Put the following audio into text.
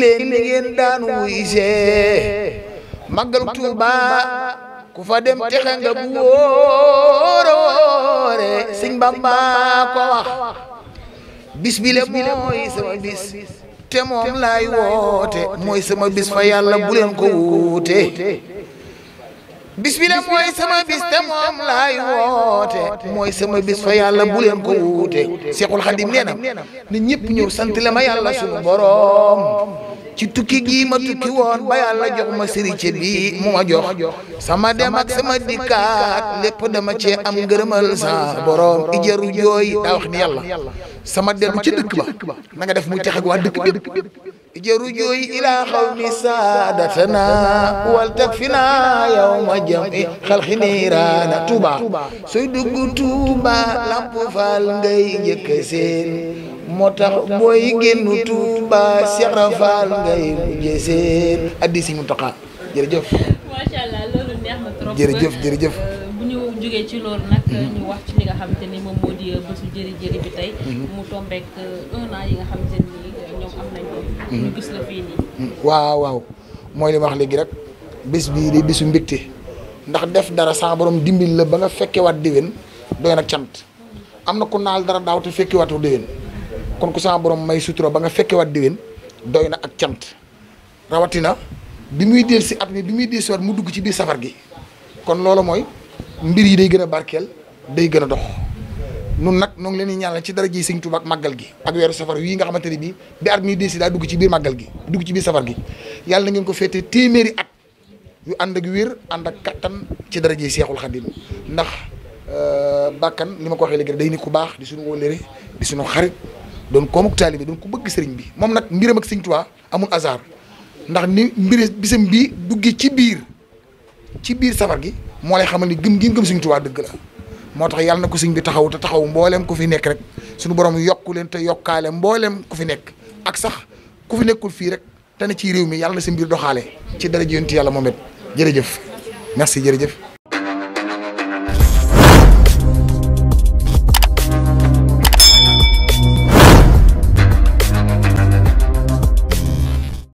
leen li ngeen daan wuysee ku fa dem texe nga bu wóoroore sëñ Bamba ko wax bis bi le mooy sama bis te moom laay woote mooy sama bis fa yàlla bu leen ko wuute bis bi la mooy sama bis te moom laay woote mooy sama bis fa yàlla bu leen ko wuute Seexul Xadim nee na na ñëpp sant la ma yàlla sunu boroom ci tukki gii ma tukki woon ba yàlla jox ma sërice bi mu ma jox sama dem ak sama dikkaat lépp dama cee am ngërëmal sa boroom ijaru jooy daa wax ni yàlla sama dellu ci dëkk ba nga def muy tex ak waa bi جرجوي إلى قوم سادتنا والتكفنا يوم جمع خلق ngay mujjé jërëjëf jërëjëf am nañ mhm. mhm. waaw waaw mooy li ma wax léegi rek bés bii di bisu mbégte ndax def dara saa borom dimbil la ba nga fekkewaat déwén doy nag cant am na ku naal dara daaw te fekkewaatu déwén kon ku borom may sutura ba nga fekkewaat déwén doy na ak cant rawatina bi muy del si at mi bi muy del si waat mu dugg ci biir safar gi kon loolu mooy mbir yi day gën a barkeel day gën a dox. nun nag noo ngi leen di ñaanal ci dara ji sëñ Tuubaa ak màggal gi ak weeru safar wii nga xamante ne bii bi at mi desi daa dugg ci biir gi dugg ci biir gi yàlla na ngeen ko féete téeméeri at yu ànd ak wér ànd ak kattan ci dara ji Seexul Xadim ndax euh, bàkkan li ma ko waxee léegi day nit ku baax di suñu wóllëre suñu xarit doon koomuk taalibe doon ku bëgg sëriñ bi moom nag mbiram ak sëñ Tuubaa amul hasard ndax ni mbir bisam bii ci biir ci biir safar gi moo lay xamal ni gëm gi gëm sëñ Tuubaa dëgg la moo tax yàlla na ko sëñ bi taxaw te taxaw mbooleem ku fi nekk rek suñu borom yokku leen te yokkaale mbooleem ku fi nekk ak sax ku fi nekkul fii rek te ci réew mi yàlla na sa mbir doxaale ci dara ji yonent yàlla moom it jërëjëf merci jërëjëf